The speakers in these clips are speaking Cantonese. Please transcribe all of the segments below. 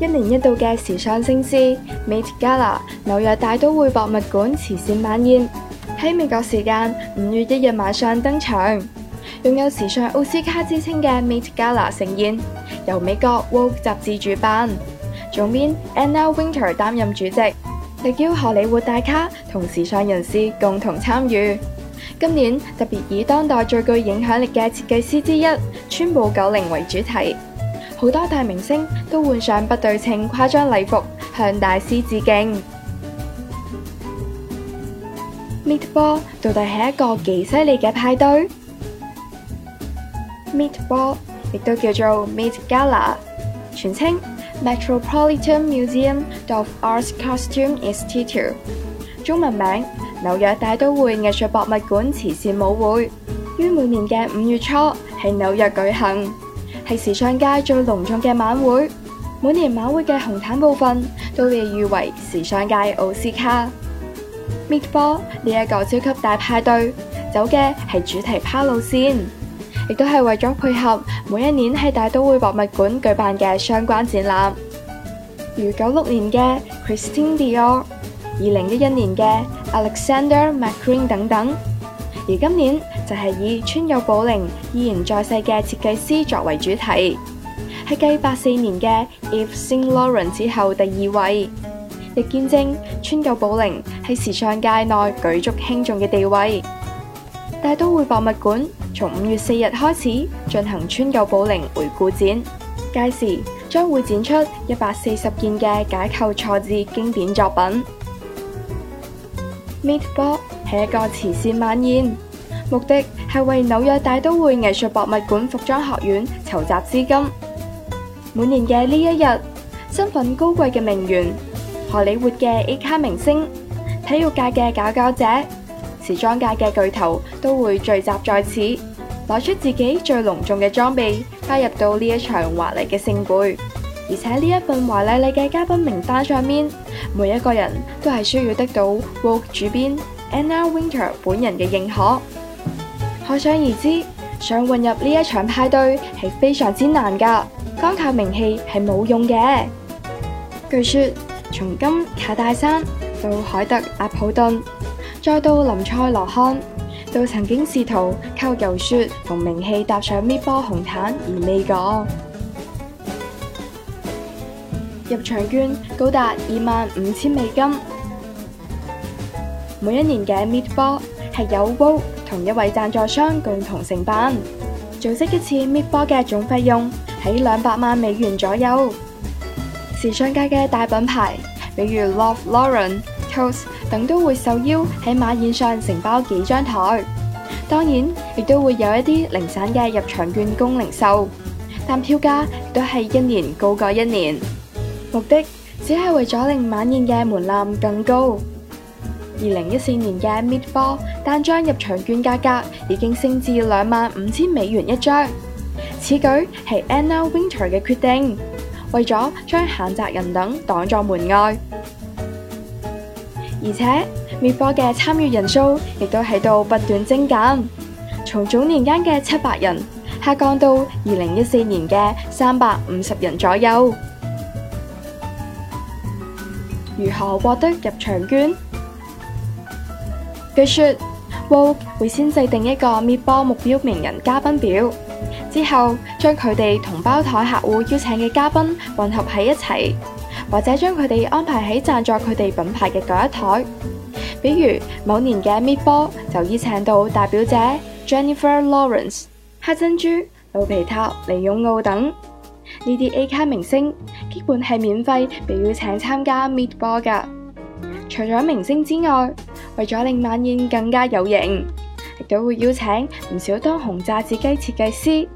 一年一度嘅時尚盛事 Met Gala 紐約大都會博物館慈善晚宴喺美國時間五月一日晚上登場，擁有時尚奧斯卡之稱嘅 Met Gala 盛宴，由美國 Vogue 雜誌主辦，總編 Anna Wintour 擔任主席，力邀荷里活大咖同時尚人士共同參與。今年特別以當代最具影響力嘅設計師之一川久保玲為主題。好多大明星都換上不對稱、誇張禮服，向大師致敬。Met Ball 到底係一個幾犀利嘅派對？Met Ball 亦都叫做 Met Gala，全稱 Metropolitan Museum of Arts Costume Institute，中文名紐約大都會藝術博物館慈善舞會，於每年嘅五月初喺紐約舉行。係時尚界最隆重嘅晚會，每年晚會嘅紅毯部分都被譽為時尚界奧斯卡。Met Ball 呢一個超級大派對，走嘅係主題趴路線，亦都係為咗配合每一年喺大都會博物館舉辦嘅相關展覽，如九六年嘅 Christian Dior、二零一一年嘅 Alexander McQueen 等等，而今年。就係、是、以川久保玲依然在世嘅設計師作為主題，係繼八四年嘅 Yves Saint Laurent 之後第二位，亦見證川久保玲喺時尚界內舉足輕重嘅地位。大都會博物館從五月四日開始進行川久保玲回顧展，屆時將會展出一百四十件嘅解構錯字經典作品。Met Ball 係一個慈善晚宴。目的係為紐約大都會藝術博物館服裝學院籌集資金。每年嘅呢一日，身份高貴嘅名媛、荷里活嘅 A 咖明星、體育界嘅佼佼者、時裝界嘅巨頭都會聚集在此，攞出自己最隆重嘅裝備，加入到呢一場華麗嘅盛會。而且呢一份華麗麗嘅嘉賓名單上面，每一個人都係需要得到《Vogue》主編 Anna Wintour 本人嘅認可。可想而知，想混入呢一場派對係非常之難噶，光靠名氣係冇用嘅。據說從金卡戴珊到海特阿普頓，再到林賽羅漢，都曾經試圖靠遊說同名氣搭上 Met Ball 紅毯而未果，入場券高達二萬五千美金，每一年嘅 Met Ball 係有煲同一位贊助商共同承辦，組織一次搣波嘅總費用喺兩百萬美元左右。時尚界嘅大品牌，比如 Loewe、Lauren、Coach 2014年嘅 Met Ball 單張入場券價格已經升至25,000美元一張，此舉係 Anna Wintour 嘅決定，為咗將閒雜人等擋在門外。而且 Met Ball 嘅參與人數亦都喺度不斷精簡，從早年間嘅700人下降到2014年嘅350人左右。如何獲得入場券？據說，Wo 會先制定一個 Met Ball 目標名人嘉賓表，之後將佢哋同包台客戶邀請嘅嘉賓混合喺一齊，或者將佢哋安排喺贊助佢哋品牌嘅第一台。比如某年嘅 Met Ball 就邀請到大表姐 Jennifer Lawrence、黑珍珠、老皮塔、李永澳等呢啲 A 咖明星，基本係免費被邀請參加 Met Ball 噶。除咗明星之外，為咗令晚宴更加有型，亦都會邀請唔少當紅炸子雞設計師。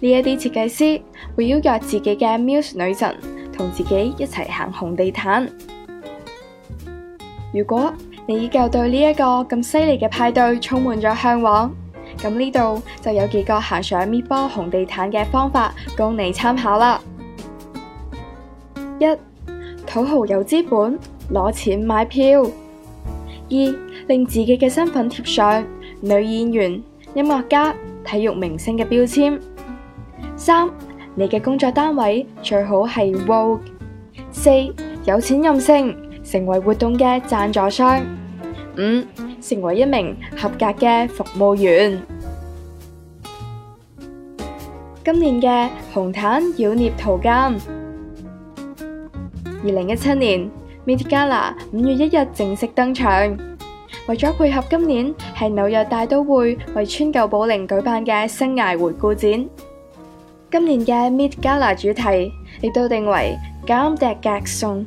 呢一啲設計師會邀約自己嘅 Muse 女神同自己一齊行紅地毯。如果你依舊對呢一個咁犀利嘅派對充滿咗向往，咁呢度就有幾個行上 Met Ball 紅地毯嘅方法供你參考啦。一，土豪有資本，攞錢買票。二令自己嘅身份貼上女演員、音樂家、體育明星嘅標籤。三你嘅工作單位最好係 Vogue。四有錢任性，成為活動嘅讚助商。五成為一名合格嘅服務員。今年嘅紅毯妖孽圖鑒，二零一七年。Met Gala 5月1日正式登場。為咗配合今年係紐約大都會為川久保玲舉辦嘅生涯回顧展，今年嘅 Met Gala 主題亦都定為 Comme des Garçons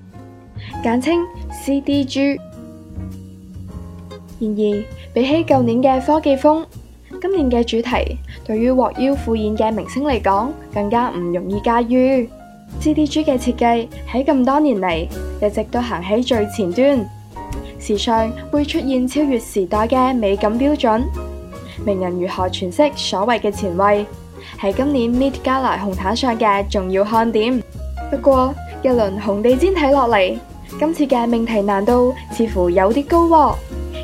g 地 g 嘅設計喺咁多年嚟，一直都行喺最前端。時尚會出現超越時代嘅美感標準，名人如何詮釋所謂嘅前衛，係今年 Meet Gala 紅毯上嘅重要看點。不過一輪紅地毯睇落嚟，今次嘅命題難度似乎有啲高，哦。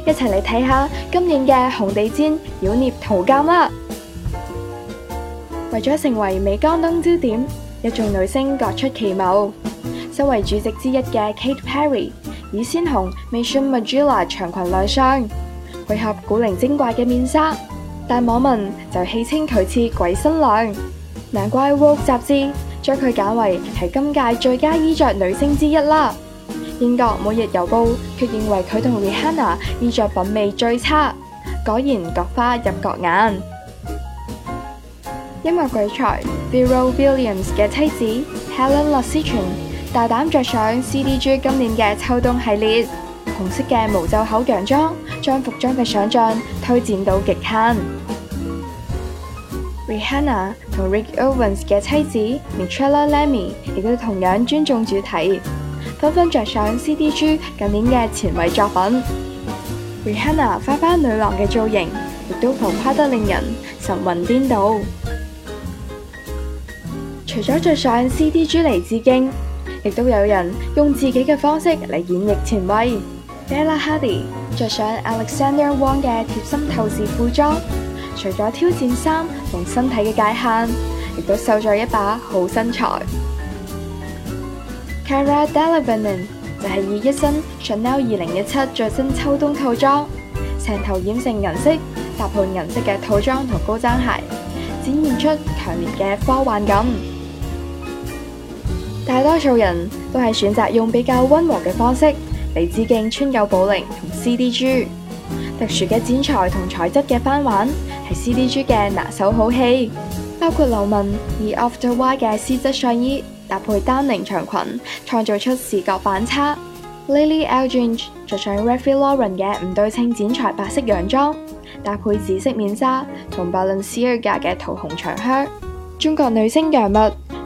一齊嚟睇下今年嘅紅地毯妖孽桃膠啦，啊！為咗成為美光燈焦點。一眾女星各出奇謀，身為主席之一嘅 Kate Perry 以鮮紅 Maison Margiela 長裙亮相，配合古靈精怪嘅面紗，但網民就戲稱佢似鬼新娘，難怪《Vogue》雜誌將佢揀為係今屆最佳衣着女星之一啦。英國每日郵報卻認為佢同 Rihanna 衣着品味最差，果然各花入各眼。音樂鬼才 Pharrell Williams 嘅妻子 Helen Lasichanh 大膽着上 CDG 今年嘅秋冬系列，紅色嘅無袖口洋裝將服裝嘅想象推展到極限。Rihanna 同 Rick Owens 嘅妻子 Michelle Lamy 亦都同樣尊重主題，紛紛着上 CDG 近年嘅前衛作品。Rihanna 花花女郎嘅造型亦都浮誇得令人神魂顛倒。除咗着上 C D G 嚟致敬，亦都有人用自己嘅方式嚟演繹前衛。Bella Hadid 着上 Alexander Wang 嘅貼心透視褲裝，除咗挑戰衫同身體嘅界限，亦都秀咗一把好身材。Cara Delevingne 就係以一身 Chanel 二零一七最新秋冬套裝，成頭染成銀色，搭配銀色嘅套裝同高踭鞋，展現出強烈嘅科幻感。大多數人都係選擇用比較溫和嘅方式嚟致敬川久保玲同 CDG。特殊嘅剪裁同材質嘅翻玩係 CDG 嘅拿手好戲，包括劉雯以 Off-White 嘅絲質上衣搭配丹寧長裙，創造出視覺反差。Lily Aldridge 着上 Ralph Lauren 嘅唔對稱剪裁白色洋裝，搭配紫色面紗同 Balenciaga 嘅桃紅長靴。中國女星楊冪。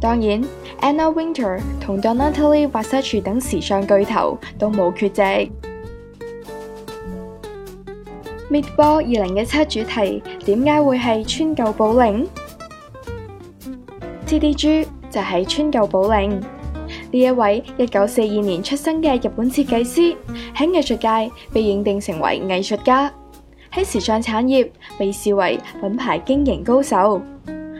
當然，Anna Wintour 同 Donatella Versace 等時尚巨頭都冇缺席。Met Ball 二零一七主題點解會係川久保玲？CDG 就係川久保玲呢一位一九四二年出生嘅日本設計師，喺藝術界被認定成為藝術家，喺時尚產業被視為品牌經營高手。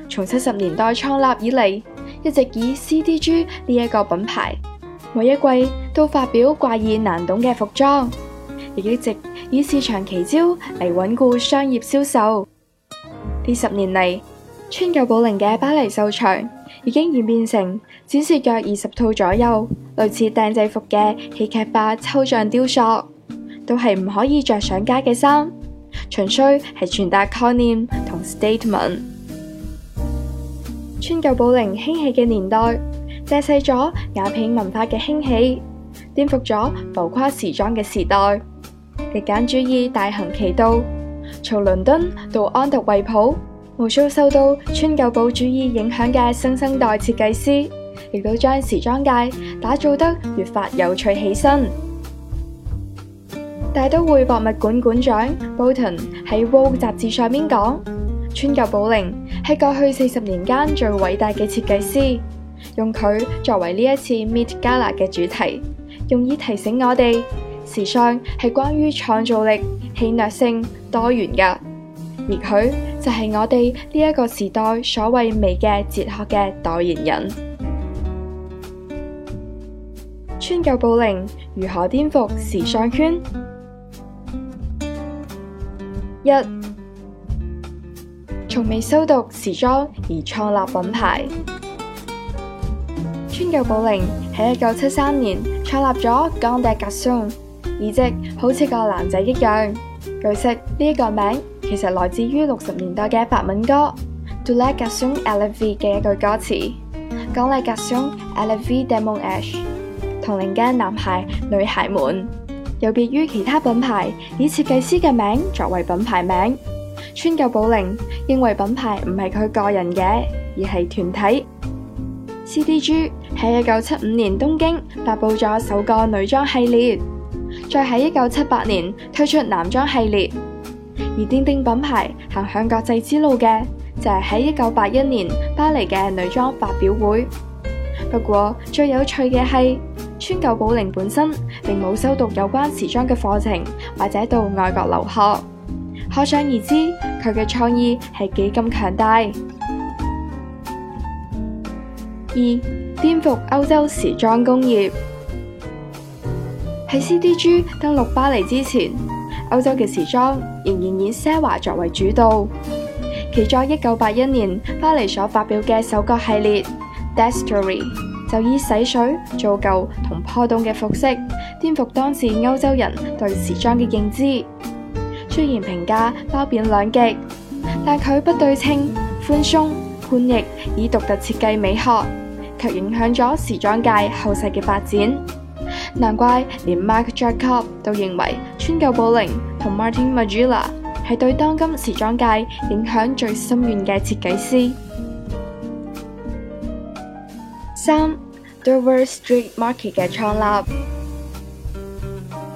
從七十年代創立以嚟，一直以 CDG 呢一個品牌，每一季都發表怪異難懂嘅服裝，亦一直以市場奇招嚟穩固商業銷售。呢 十年嚟，川久保玲嘅巴黎秀場已經演變成展示約二十套左右類似定製服嘅戲劇化抽象雕塑，都係唔可以着上街嘅衫，純粹係傳達概念同 statement。川久保玲興起嘅年代，借勢咗雅痞文化嘅興起，顛覆咗浮誇時裝嘅時代。極簡主義大行其道，從倫敦到安特衛普，無數受到川久保主義影響嘅新生代設計師，亦都將時裝界打造得越發有趣起身。大都會博物館館長 Bolton 喺《Vogue》雜誌上面講：川久保玲。係過去四十年間最偉大嘅設計師，用佢作為呢一次 Met Gala 嘅主題，用以提醒我哋，時尚係關於創造力、戲謔性、多元噶。也許就係我哋呢一個時代所謂美嘅哲學嘅代言人。川久保玲如何顛覆時尚圈？一。從未修讀時裝而創立品牌，川久保玲喺一九七三年創立咗 Comme des Garçons，意即好似個男仔一樣。據悉呢、這個名其實來自於六十年代嘅法文歌《Tous les garçons et les filles》嘅一句歌詞，《Comme les garçons et les filles de mon âge》。同齡間男孩、女孩們，有別於其他品牌以設計師嘅名作為品牌名。川久保玲認為品牌唔係佢個人嘅，而係團體。C D G 喺一九七五年東京發佈咗首個女裝系列，再喺一九七八年推出男裝系列。而丁丁品牌行向國際之路嘅就係喺一九八一年巴黎嘅女裝發表會。不過最有趣嘅係，川久保玲本身並冇修讀有關時裝嘅課程，或者到外國留學。可想而知，佢嘅創意係幾咁強大。二，顛覆歐洲時裝工業。喺 CDG 登陸巴黎之前，歐洲嘅時裝仍然以奢華作為主導。其在1981年巴黎所發表嘅首個系列 Destory，就以洗水、做舊同破洞嘅服飾，顛覆當時歐洲人對時裝嘅認知。雖然評價褒貶兩極，但佢不對稱、寬鬆、叛逆以獨特設計美學，却影響咗時裝界後世嘅發展。難怪連 Marc Jacobs 都認為，川久保玲同 Martin Margiela 係對當今時裝界影響最深遠嘅設計師。三，Dover Street Market 嘅創立。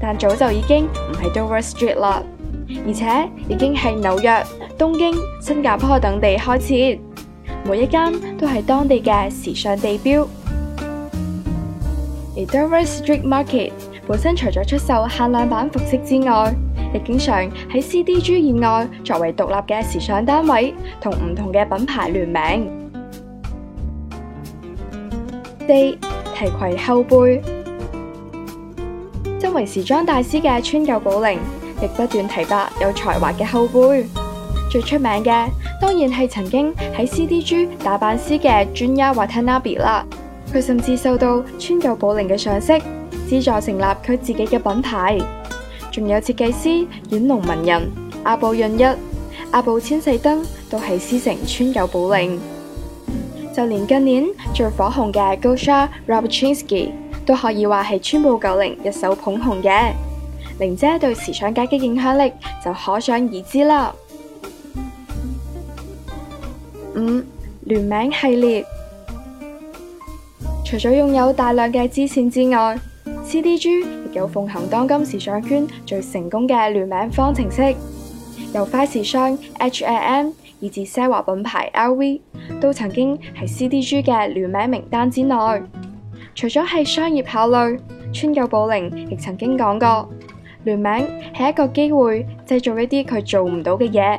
但早就已經唔係 Dover Street 啦，而且已經喺紐約、東京、新加坡等地開設，每一間都係當地嘅時尚地標。而 Dover Street Market 本身除咗出售限量版服飾之外，亦經常喺 CDG 以外作為獨立嘅時尚單位，和不同唔同嘅品牌聯名。d 提攜後輩。身為時裝大師嘅川久保玲，亦不斷提拔有才華嘅後輩。最出名嘅當然係曾經喺 CDG 打版師嘅 Junya Watanabe 啦，佢甚至受到川久保玲嘅賞識，資助成立佢自己嘅品牌。仲有設計師丸龍文人、阿部潤一、阿部千世登都係師承川久保玲。就連近年最火紅嘅高沙 Rubchinskiy。都可以話係川久保玲一手捧紅嘅，玲姐對時尚界嘅影響力就可想而知啦。五聯名系列，除咗擁有大量嘅支線之外，CDG 亦有奉行當今時尚圈最成功嘅聯名方程式，由快時尚、H&M a 以至奢華品牌 LV，都曾經係 CDG 嘅聯名名單之內。除咗係商業考慮，川久保玲亦曾經講過聯名係一個機會，製造一啲佢做唔到嘅嘢，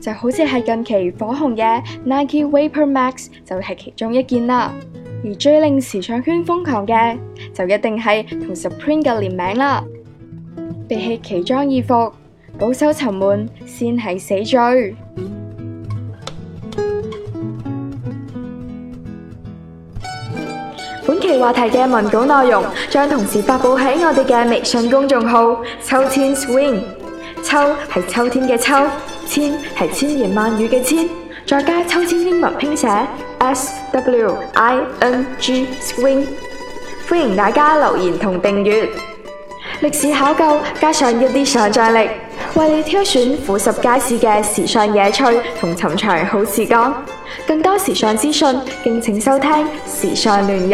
就好似係近期火紅嘅 Nike Vapor Max 就係其中一件啦。而最令時尚圈瘋狂嘅就一定係同 Supreme 嘅聯名啦。比起奇裝異服，保守沉悶先係死罪。本期話題嘅文稿內容將同時發佈喺我哋嘅微信公眾號“秋千 swing”。秋係秋天嘅秋，千係千言萬語嘅千，再加秋千英文拼寫 S W I N G swing。歡迎大家留言同訂閱。歷史考究加上一啲想象力，為你挑選富十街市嘅時尚野趣同尋常好時光。更多時尚資訊，敬請收聽《時尚亂入》。